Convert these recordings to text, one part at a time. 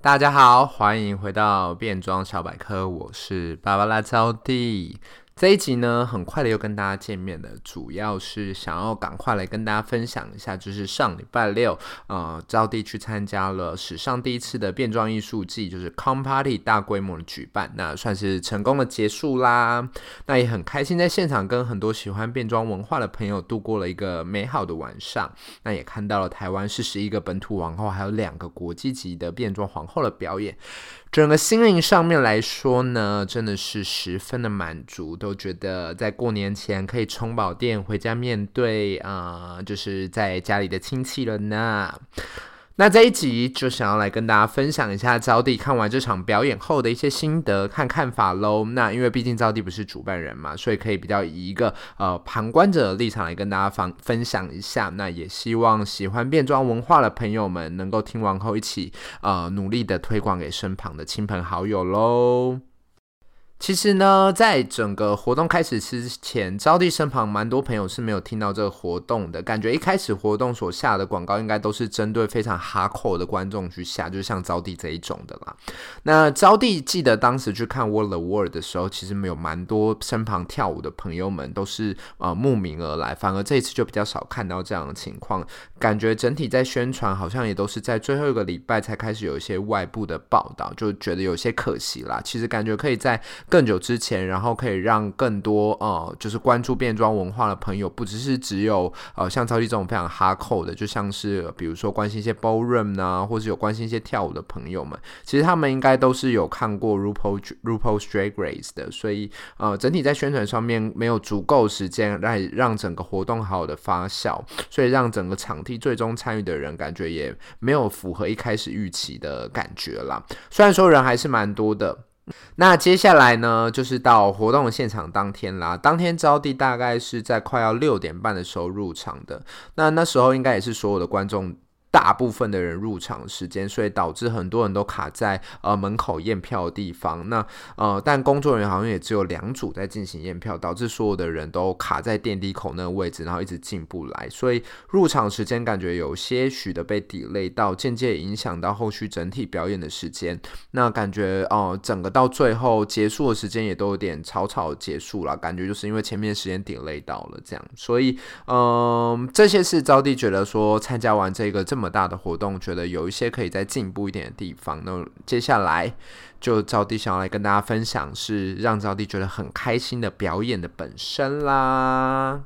大家好，歡迎回到變裝小百科，我是芭芭拉·招弟。這一集呢，很快的又跟大家見面了，主要是想要趕快來跟大家分享一下，就是上禮拜六，呃，招弟去參加了史上第一次的變裝藝術季，就是 CUM Party 大規模的舉辦，那算是成功的結束啦。那也很開心在現場跟很多喜歡變裝文化的朋友度過了一個美好的晚上，那也看到了台灣四十一個本土皇後，還有兩個國際級的變裝皇後的表演。整個心靈上面來說呢，真的是十分的滿足，都覺得在過年前可以充飽電，回家面對啊，呃，就是在家裡的親戚了呢。那這一集就想要來跟大家分享一下招弟看完這場表演後的一些心得和看法嘍那因為畢竟招弟不是主辦人嘛，所以可以比較以一個呃旁觀者的立場來跟大家分分享一下。那也希望喜歡變裝文化的朋友們能夠聽完後一起呃努力的推廣給身旁的親朋好友嘍其實呢，在整個活動開始之前，招弟身旁蠻多朋友是沒有聽到這個活動的。感覺一開始活動所下的廣告，應該都是針對非常 hardcore 的觀眾去下，就像招弟這一種的啦。那招弟記得當時去看《Werq the World》的時候，其實沒有蠻多身旁跳舞的朋友們都是啊、呃、慕名而來，反而這一次就比較少看到這樣的情況。感覺整體在宣傳，好像也都是在最後一個禮拜才開始有一些外部的報道，就覺得有些可惜啦。其實感覺可以在。更久之前，然後可以讓更多呃，就是關注變裝文化的朋友，不只是只有呃像超級這種非常哈扣的，就像是、呃、比如說關心一些 ballroom 啊，或是有關心一些跳舞的朋友們，其實他們應該都是有看過 RuPaul RuPaul's Drag Race 的，所以呃整體在宣傳上面沒有足夠時間讓讓整個活動好好的發酵，所以讓整個場地最終參與的人感覺也沒有符合一開始預期的感覺啦。雖然說人還是蠻多的。那接下來呢，就是到活動的現場當天啦。當天招弟大概是在快要六點半的時候入場的。那那時候應該也是所有的觀眾。大部分的人入場時間，所以導致很多人都卡在呃門口驗票的地方。那呃，但工作人員好像也只有兩組在進行驗票，導致所有的人都卡在電梯口那個位置，然後一直進不來。所以入場時間感覺有些許的被 delay 到，間接影響到後續整體表演的時間。那感覺哦、呃，整個到最後結束的時間也都有點草草結束了，感覺就是因為前面時間 delay 到了這樣。所以嗯、呃，這些是招弟覺得說參加完這個這。這麼大的活動，覺得有一些可以再進步一點的地方。那接下來，就招弟想要來跟大家分享，是讓招弟覺得很開心的表演的本身啦。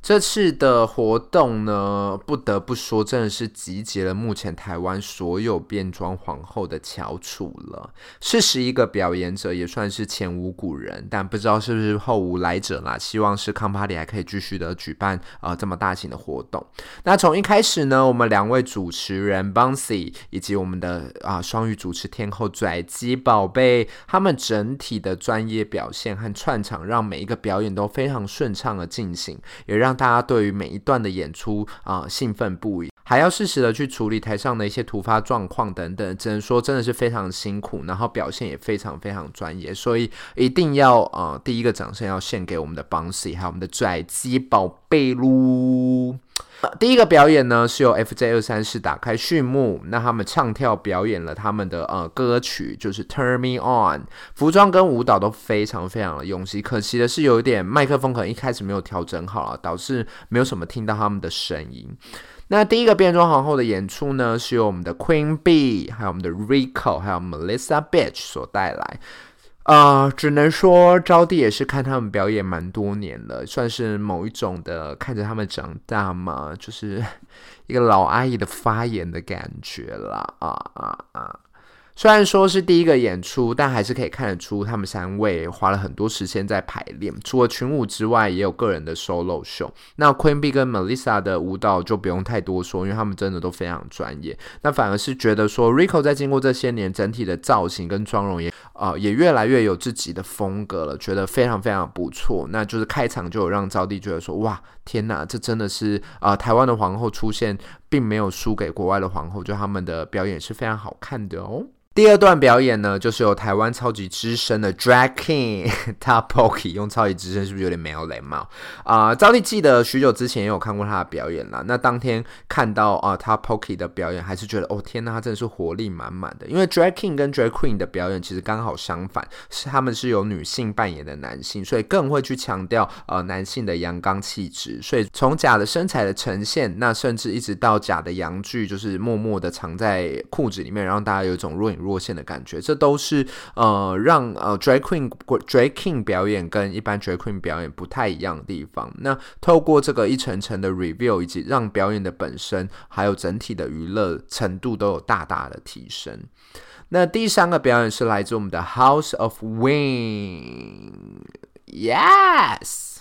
這次的活動呢，不得不說，真的是集結了目前台灣所有變裝皇後的翹楚了，四十一個表演者，也算是前無古人，但不知道是不是後無來者啦，希望是 CUM Party 還可以繼續的舉辦啊、呃、這麼大型的活動。那從一開始呢，我們兩位主持人 Bouncy 以及我們的啊、呃、雙語主持天后拽雞寶貝，他們整體的專業表現和串場，讓每一個表演都非常順暢的進行，也讓。讓大家對於每一段的演出啊、呃、興奮不已，還要適時的去處理台上的一些突發狀況等等，只能說真的是非常辛苦，然後表現也非常非常專業，所以一定要啊、呃、第一個掌聲要獻給我們的邦、bon、si，還有我們的拽雞寶貝嚕。第一個表演呢是由 FJ 二三四打開序幕，那他們唱跳表演了他們的呃歌曲，就是 Turn Me On，服裝跟舞蹈都非常非常的用心，可惜的是有一點麥克風可能一開始沒有調整好啊，導致沒有什麼聽到他們的聲音。那第一個變裝皇後的演出呢，是由我們的 Queen Bee，還有我們的 Rico，還有 Melissa Bitch 所帶來。啊、呃，只能說招弟也是看他們表演蠻多年了，算是某一種的看着他們長大嘛，就是一個老阿姨的發言的感覺啦，啊啊啊！雖然說是第一個演出，但還是可以看得出他們三位花了很多時間在排練。除了群舞之外，也有個人的 solo show。那 Queen B 跟 Melissa 的舞蹈就不用太多說，因為他們真的都非常專業。那反而是覺得說 Rico 在經過這些年，整體的造型跟妝容也啊、呃、也越來越有自己的風格了，覺得非常非常不錯。那就是開場就有讓招弟覺得說：哇，天哪，這真的是啊、呃、台灣的皇后出現，並沒有輸給國外的皇後，就他們的表演是非常好看的哦。第二段表演呢，就是由台灣超級資深的 Drag King，他 Poki 用超級資深是不是有點沒有禮貌啊？招、呃、弟記得許久之前也有看過他的表演啦，那當天看到啊他、呃、Poki 的表演還是覺得哦天吶，他真的是活力滿滿的。因為 Drag King 跟 Drag Queen 的表演其實剛好相反，是他們是由女性扮演的男性，所以更會去強調呃男性的陽剛氣質。所以從假的身材的呈現，那甚至一直到假的陽具，就是默默地藏在褲子裡面，然後大家有一種若隱若。若線的感覺，這都是呃讓呃 drag queen drag king 表演，跟一般 drag queen 表演不太一樣的地方。那透過這個一層層的 reveal，以及讓表演的本身，還有整體的娛樂程度都有大大的提升。那第三個表演是來自我們的 House of Wing，Yes。Yes!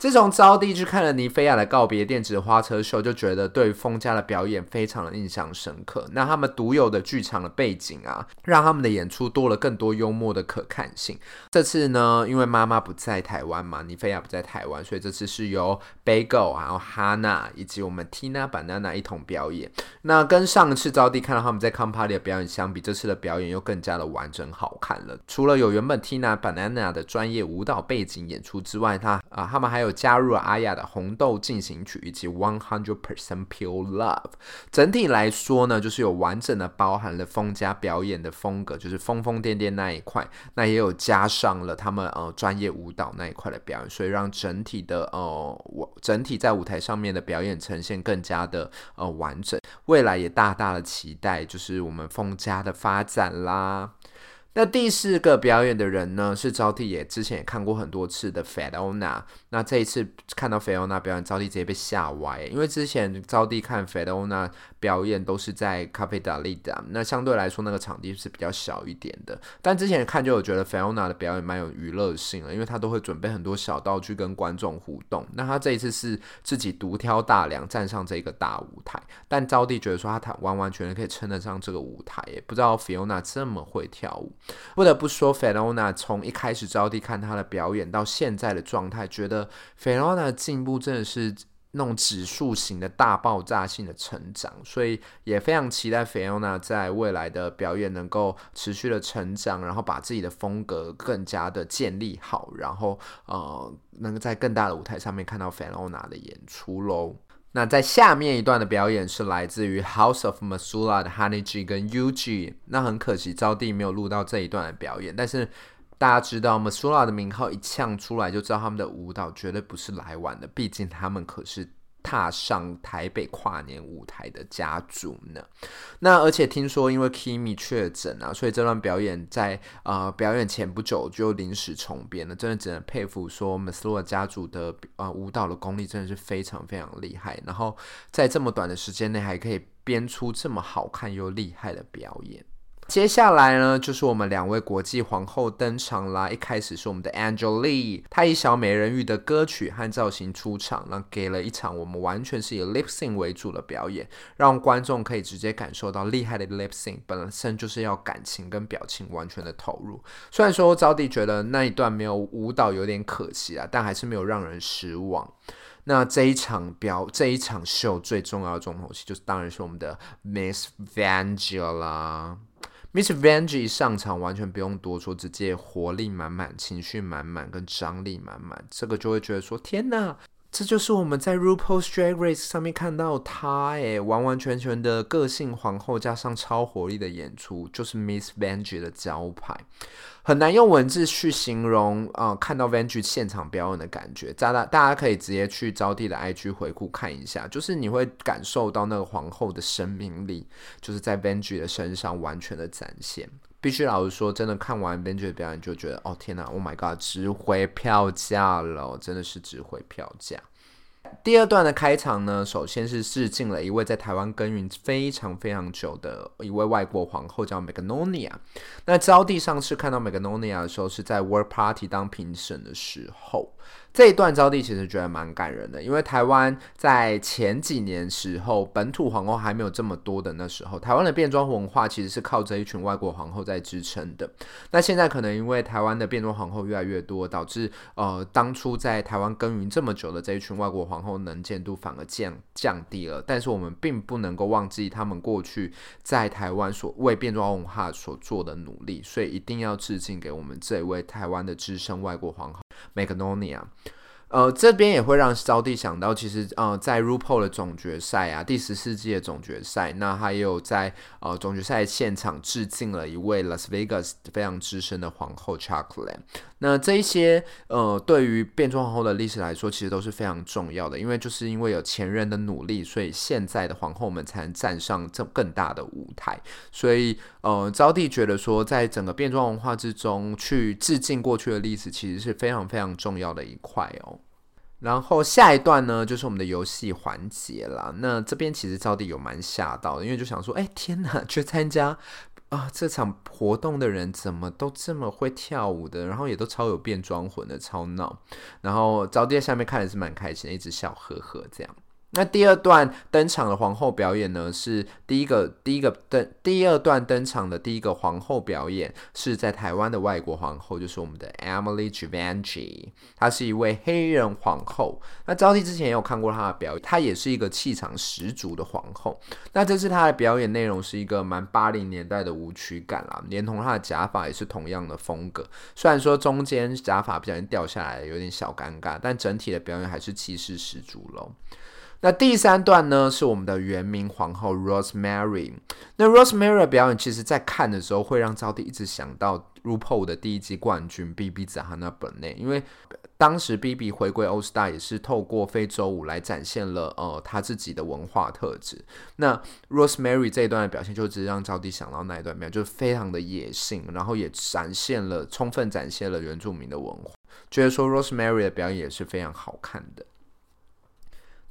自從招弟去看了尼菲亞的告別電子花車秀，就覺得對封家的表演非常的印象深刻。那他們獨有的劇場的背景啊，讓他們的演出多了更多幽默的可看性。這次呢，因為媽媽不在台灣嘛，尼菲亞不在台灣，所以這次是由 Bagel 還有哈娜以及我們 Tina Banana 一同表演。那跟上次招弟看到他們在 CUM Party 的表演相比，這次的表演又更加的完整好看了。除了有原本 Tina Banana 的專業舞蹈背景演出之外，他啊，他們還有加入了阿雅的《紅豆進行曲》以及 One Hundred Percent Pure Love。整體來說呢，就是有完整的包含了風家表演的風格，就是瘋瘋癲癲那一塊，那也有加上了他們呃專業舞蹈那一塊的表演，所以讓整體的哦、呃，整體在舞台上面的表演呈現更加的呃完整。未來也大大的期待，就是我們風家的發展啦。那第四個表演的人呢，是招弟也之前也看過很多次的 Fiona，那這一次看到 Fiona 表演，招弟直接被嚇歪，因為之前招弟看 Fiona 表演都是在 Cafe Dalida，那相對來說那個場地是比較小一點的，但之前看就有覺得 Fiona 的表演蠻有娛樂性了，因為他都會準備很多小道具跟觀眾互動，那他這一次是自己獨挑大梁站上這個大舞台，但招弟覺得說他她完完全全可以稱得上這個舞台，也不知道 Fiona 這麼會跳舞。不得不說，Fiona 從一開始招弟看她的表演到現在的狀態，覺得 Fiona 的進步真的是那種指數型的大爆炸性的成長，所以也非常期待 Fiona 在未來的表演能夠持續的成長，然後把自己的風格更加的建立好，然後呃，能夠在更大的舞台上面看到 Fiona 的演出嘍。那在下面一段的表演是來自於 House of Masula 的 Honey G 跟、y、U G。那很可惜，招弟沒有錄到這一段的表演。但是大家知道 Masula 的名號一嗆出來，就知道他們的舞蹈絕對不是來玩的。畢竟他們可是踏上台北跨年舞台的家族呢？那而且聽說因為 Kimi 確診啊，所以這段表演在呃表演前不久就臨時重編了。真的只能佩服說 MUSLO 家族的呃舞蹈的功力真的是非常非常厲害。然後在這麼短的時間內還可以編出這麼好看又厲害的表演。接下來呢，就是我們兩位國際皇后登場啦。一開始是我們的 Angel Lee，她以小美人魚的歌曲和造型出場，那給了一場我們完全是以 lip sync 為主的表演，讓觀眾可以直接感受到厲害的 lip sync。本身就是要感情跟表情完全的投入。雖然說招娣覺得那一段沒有舞蹈有點可惜啊，但還是沒有讓人失望。那這一場表這一場秀最重要的重頭戲，就是當然是我們的 Miss Vangela 啦。Miss Vanjie 上場，完全不用多說，直接活力滿滿、情緒滿滿、跟張力滿滿，這個就會覺得說：天哪！這就是我們在 RuPaul's Drag Race 上面看到她，誒，完完全全的個性皇後，加上超活力的演出，就是 Miss Vanjie 的招牌。很難用文字去形容啊、呃，看到 Vanjie 現場表演的感覺。大家大家可以直接去招弟的 IG 回顧看一下，就是你會感受到那個皇後的生命力，就是在 Vanjie 的身上完全的展現。必須老實說，真的看完 Benji 的表演，就覺得哦天哪，Oh my god，值回票價了，真的是值回票價。第二段的開場呢，首先是致敬了一位在台灣耕耘非常非常久的一位外國皇後，叫 Meganonia。那招弟上次看到 Meganonia 的時候，是在 Work Party 當評審的時候。這一段招弟其實覺得蠻感人的，因為台灣在前幾年時候，本土皇後還沒有這麼多的那時候，台灣的變裝文化其實是靠着一群外國皇後在支撐的。那現在可能因為台灣的變裝皇后越來越多，導致呃當初在台灣耕耘這麼久的這一群外國皇后能見度反而降降低了。但是我們並不能夠忘記他們過去在台灣所為變裝文化所做的努力，所以一定要致敬給我們這一位台灣的資深外國皇後 Magnolia 呃，這邊也會讓招娣想到，其實，呃，在 RuPaul 的總決賽啊，第十四屆的總決賽，那還有在呃總決賽現場致敬了一位 Las Vegas 非常資深的皇後 Chakley。那這一些，呃，對於變裝皇後的歷史來說，其實都是非常重要的，因為就是因為有前人的努力，所以現在的皇後們才能站上這更大的舞台。所以，呃，招娣覺得說，在整個變裝文化之中，去致敬過去的歷史，其實是非常非常重要的一塊哦。然後下一段呢，就是我們的遊戲環節啦，那這邊其實招弟有蠻嚇到的，因為就想說，哎，天吶，去參加啊這場活動的人怎麼都這麼會跳舞的，然後也都超有變裝魂的，超鬧。然後招弟在下面看也是蠻開心，一直笑呵呵這樣。那第二段登場的皇後表演呢，是第一個第一個登第二段登場的第一個皇後表演，是在台灣的外國皇後，就是我們的 Emily Givenchy，她是一位黑人皇後。那招弟之前也有看過她的表演，她也是一個氣場十足的皇後。那這次她的表演內容是一個蠻八零年代的舞曲感啦，連同她的假髮也是同樣的風格。雖然說中間假髮不小心掉下來，有點小尷尬，但整體的表演還是氣勢十足咯。那第三段，呢是我們的原名皇後 Rosemary。那 Rosemary 的表演，其實在看的時候會讓招弟一直想到 RuPaul 的第一季冠軍 BeBe Zahara Benet，因為當時 BeBe 回歸 All Star 也是透過非洲舞來展現了呃他自己的文化特質。那 Rosemary 這一段的表現，就只是讓招弟想到那一段沒有，就是非常的野性，然後也展現了充分展現了原住民的文化。覺得說 Rosemary 的表演也是非常好看的。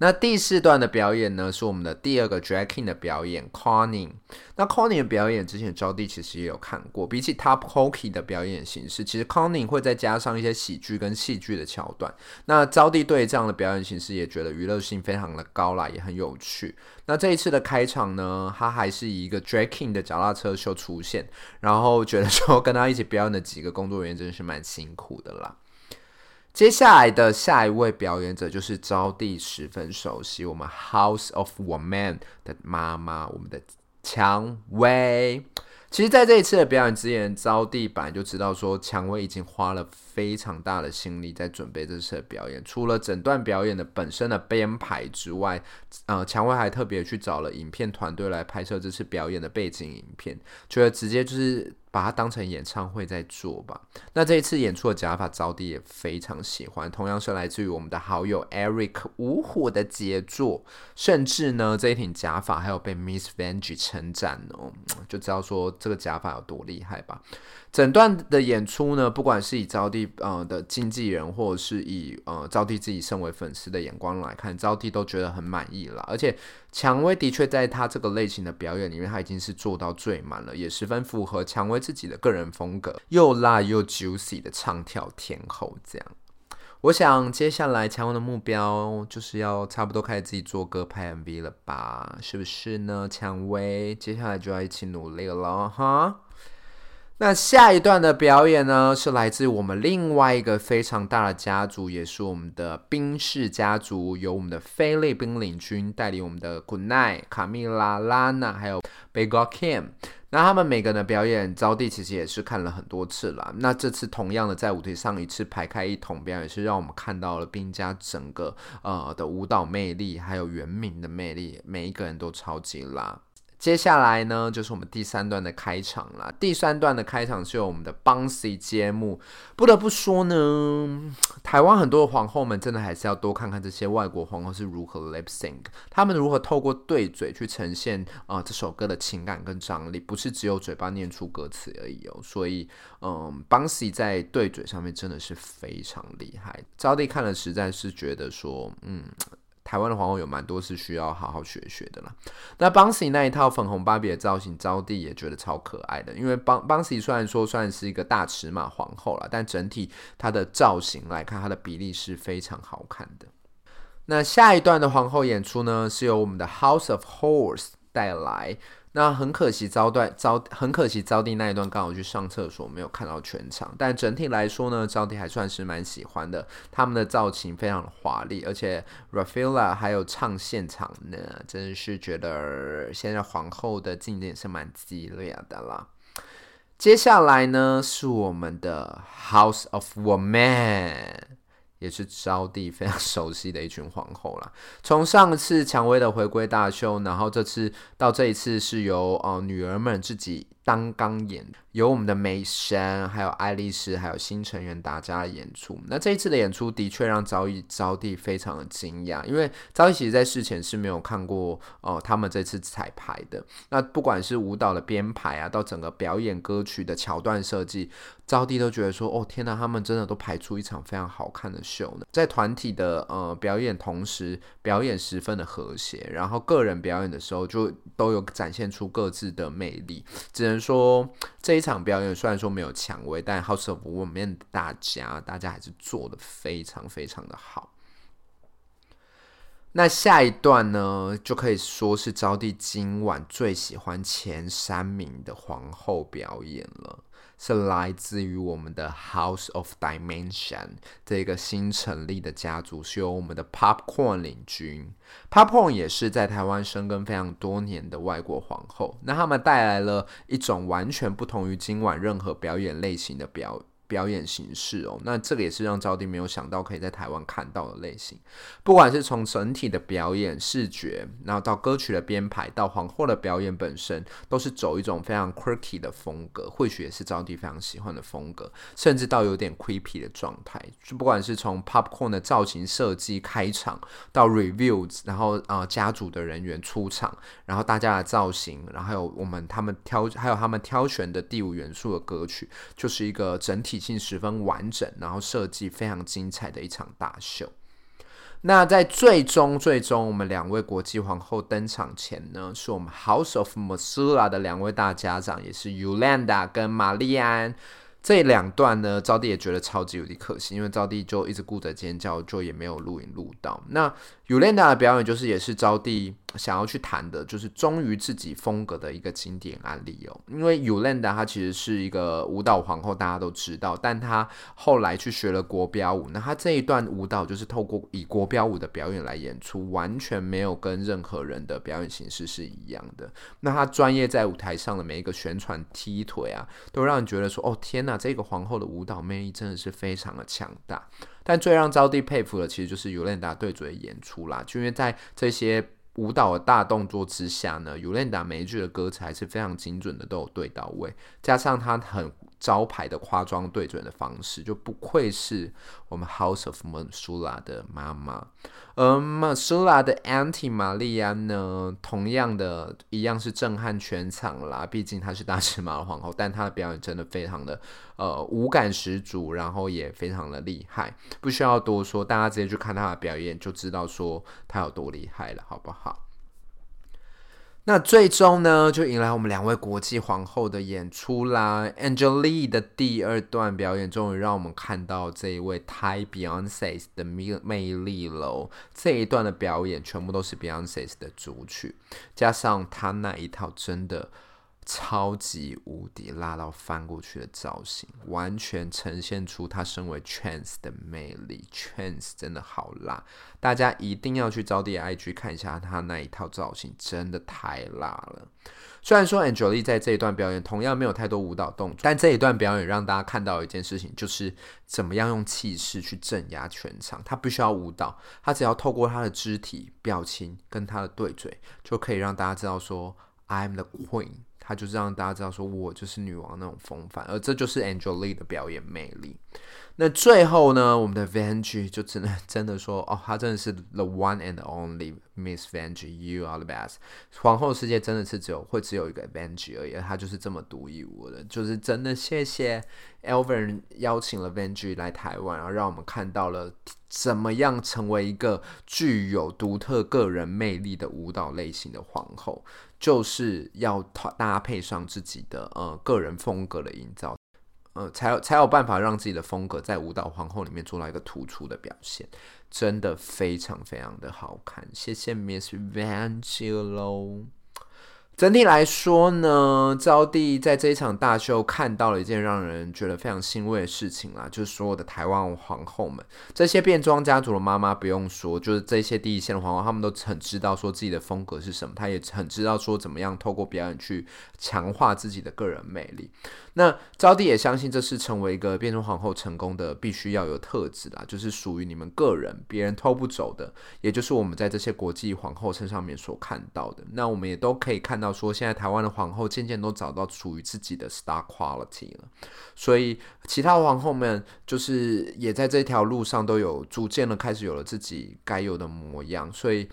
那第四段的表演呢，是我們的第二個 Drag King 的表演，Conning。那 Conning 的表演之前，招弟其實也有看過。比起 Top Hoki 的表演形式，其實 Conning 會再加上一些喜劇跟戲劇的橋段。那招弟對這樣的表演形式也覺得娛樂性非常的高啦，也很有趣。那這一次的開場呢，他還是以一個 Drag King 的腳踏車秀出現，然後覺得說跟他一起表演的幾個工作人員真的是蠻辛苦的啦。接下來的下一位表演者就是招弟十分熟悉我們《House of Woman》的媽媽，我們的薔薇。其實，在這一次的表演之前，招弟本來就知道說，薔薇已經花了非常大的心力在準備這次的表演。除了整段表演的本身的編排之外，呃，薔薇還特別去找了影片團隊來拍攝這次表演的背景影片，覺得直接就是。把它當成演唱會在做吧。那這一次演出的假髮招弟也非常喜歡，同樣是來自於我們的好友 Eric 五虎的傑作。甚至呢，這一頂假髮還有被 Miss Vanjie 稱讚哦，就知道說這個假髮有多厲害吧。整段的演出呢，不管是以招弟、呃、的經紀人，或者是以招弟、呃、自己身為粉絲的眼光來看，招弟都覺得很滿意了，而且。薔薇的確在她這個類型的表演裡面，她已經是做到最滿了，也十分符合薔薇自己的個人風格，又辣又 juicy 的唱跳天後這樣。我想接下來薔薇的目標就是要差不多開始自己做歌拍 MV 了吧，是不是呢？薔薇，接下來就要一起努力了哈。那下一段的表演呢，是來自我們另外一個非常大的家族，也是我們的賓氏家族，由我們的菲利賓領軍帶領，我們的 Goodnight 卡蜜拉、拉娜，還有 Bigo Kim。那他們每個人的表演，招弟其實也是看了很多次了。那這次同樣的在舞台上一次排開一桶表演，也是讓我們看到了賓家整個呃的舞蹈魅力，還有原名的魅力，每一個人都超級拉。接下來呢，就是我們第三段的開場啦。第三段的開場是由我們的 Bouncy 揭幕。不得不說呢，台灣很多皇後們真的還是要多看看這些外國皇後是如何 lip sync，他們如何透過對嘴去呈現啊、呃、這首歌的情感跟張力，不是只有嘴巴念出歌詞而已哦、喔。所以，嗯、呃、，Bouncy 在對嘴上面真的是非常厲害。招弟看了實在是覺得說，嗯。台灣的皇後有蠻多是需要好好學學的啦。那 Bouncy 那一套粉紅芭比的造型，招弟也覺得超可愛的。因為 Bouncy 雖然說算是一個大尺碼皇後啦，但整體它的造型來看，它的比例是非常好看的。那下一段的皇后演出呢，是由我們的 House of Horse 帶來。那很可惜招，招弟招很可惜，招娣那一段剛好去上廁所，沒有看到全場。但整體來說呢，招弟還算是蠻喜歡的。他們的造型非常華麗，而且 Rafaela 還有唱現場呢，真的是覺得現在皇後的競爭也是蠻激烈的啦。接下來呢，是我們的 House of Woman。也是招弟非常熟悉的一群皇後啦。從上次《薔薇》的回歸大秀，然後這次到這一次是由呃女兒們自己擔綱演，由我們的梅珊，還有愛麗絲，還有新成員大家演出。那這一次的演出的確讓招弟招弟非常的驚訝，因為招弟其實在事前是沒有看過哦、呃、他們這次彩排的。那不管是舞蹈的編排啊，到整個表演歌曲的橋段設計。招弟都覺得說：“哦天吶，他們真的都排出一場非常好看的秀呢。在團體的呃表演同時，表演十分的和諧，然後個人表演的時候就都有展現出各自的魅力。只能說這一場表演雖然說沒有薔薇，但 House of Women 大家大家還是做得非常非常的好。那下一段呢，就可以說是招弟今晚最喜歡前三名的皇後表演了。”是來自於我們的 House of Dimension 這個新成立的家族，是由我們的 Popcorn 領軍。Popcorn 也是在台灣生根非常多年的外國皇後，那他們帶來了一種完全不同於今晚任何表演類型的表演。表演形式哦，那這個也是讓招弟沒有想到可以在台灣看到的類型。不管是從整體的表演視覺，然後到歌曲的編排，到皇後的表演本身，都是走一種非常 quirky 的風格，或許也是招弟非常喜歡的風格，甚至到有點 creepy 的狀態。就不管是從 popcorn 的造型設計開場，到 reviews，然後啊、呃，家族的人員出場，然後大家的造型，然後還有我們他們挑，還有他們挑選的第五元素的歌曲，就是一個整體性十分完整，然後設計非常精彩的一場大秀。那在最終最終我們兩位國際皇后登場前呢，是我們 House of Masula 的兩位大家長，也是 Yulanda 跟瑪麗安，這兩段呢，招弟也覺得超級有點可惜，因為招弟就一直顧着尖叫，就也沒有錄影錄到。那 Yulanda 的表演就是也是招弟。想要去談的就是忠於自己風格的一個經典案例哦、喔，因為尤蘭達她其實是一個舞蹈皇後，大家都知道。但她後來去學了國標舞，那她這一段舞蹈就是透過以國標舞的表演來演出，完全沒有跟任何人的表演形式是一樣的。那她專業在舞台上的每一個旋轉、踢腿啊，都讓你覺得說：“哦，天哪！這個皇後的舞蹈魅力真的是非常的強大。”但最讓招弟佩服的，其實就是尤蘭達對嘴演出啦，就因為在這些。舞蹈的大動作之下呢，尤蓮達每一句的歌詞還是非常精準的，都有對到位，加上他很招牌的誇張對準的方式，就不愧是我們 House of Monsula 的媽媽。而 Monsula 的 Aunt 瑪麗安呢，同樣的一樣是震撼全場啦。畢竟她是大尺碼皇後，但她的表演真的非常的呃無感十足，然後也非常的厲害，不需要多說，大家直接去看她的表演就知道說她有多厲害了，好不好？那最終呢，就迎來我們兩位國際皇後的演出啦。Angelique 的第二段表演，終於讓我們看到這一位泰 Beyonce 的魅力了。這一段的表演全部都是 Beyonce 的主曲，加上他那一套真的。超級無敵辣到翻過去的造型，完全呈現出他身為 trans 的魅力。Trans 真的好辣，大家一定要去招弟 IG 看一下他那一套造型，真的太辣了。雖然說 Angelique 在這一段表演同樣沒有太多舞蹈動作，但這一段表演讓大家看到一件事情，就是怎麼樣用氣勢去鎮壓全場。他不需要舞蹈，他只要透過他的肢體、表情跟他的對嘴，就可以讓大家知道說：“I'm the queen。”他就是讓大家知道，說我就是女王那種風範，而這就是 Angel Lee 的表演魅力。那最後呢，我們的 Vanjie 就只能真的說哦，她真的是 The One and Only Miss Vanjie, You are the best。皇后世界真的是只有會只有一個 Vanjie 而已，她就是這麼獨一無二。就是真的謝謝 Elvin 邀請了 Vanjie 來台灣，然後讓我們看到了怎麼樣成為一個具有獨特個人魅力的舞蹈類型的皇後，就是要搭搭配上自己的呃個人風格的營造。呃，才有才有辦法讓自己的風格在舞蹈皇后裡面做到一個突出的表現，真的非常非常的好看，謝謝 Miss Vancello。整體來說呢，招弟在這一場大秀看到了一件讓人覺得非常欣慰的事情啦，就是所有的台灣皇後們，這些變裝家族的媽媽不用說，就是這些第一線的皇後，他們都很知道說自己的風格是什麼，他也很知道說怎麼樣透過表演去強化自己的個人魅力。那招弟也相信，這是成為一個變裝皇后成功的必須要有特質啦，就是屬於你們個人，別人偷不走的，也就是我們在這些國際皇后身上面所看到的，那我們也都可以看到。說現在台灣的皇后漸漸都找到屬於自己的 star quality 了，所以其他皇後們就是也在這條路上都有逐漸的開始有了自己該有的模樣，所以。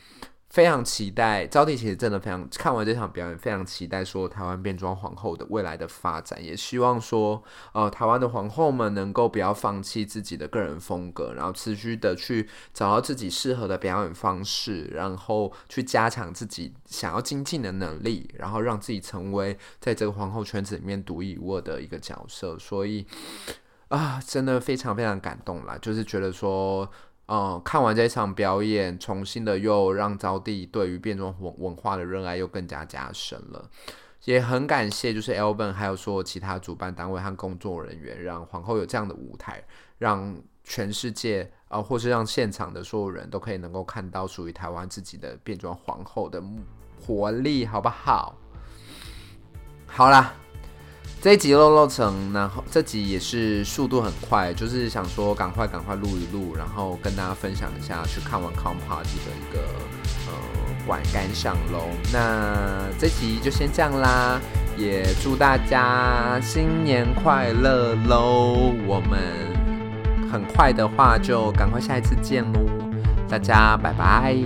非常期待，招弟其實真的非常看完這場表演，非常期待說台灣變裝皇後的未來的發展，也希望說呃台灣的皇後們能夠不要放棄自己的個人風格，然後持續的去找到自己適合的表演方式，然後去加強自己想要精進的能力，然後讓自己成為在這個皇后圈子裡面獨一無二的一個角色。所以啊、呃，真的非常非常感動啦，就是覺得說。嗯，看完這一場表演，重新的又讓招弟對於變裝文文化的熱愛又更加加深了，也很感謝就是 Elban 還有說其他主辦單位和工作人員，讓皇後有這樣的舞台，讓全世界啊、呃，或是讓現場的所有人都可以能夠看到屬於台灣自己的變裝皇後的活力，好不好？好啦。這一集漏漏成，然後這集也是速度很快，就是想說趕快趕快錄一錄，然後跟大家分享一下，去看完 CUM Party 的一個呃觀感想囉。那這集就先這樣啦，也祝大家新年快樂嘍！我們很快的話就趕快下一次見嘍，大家拜拜。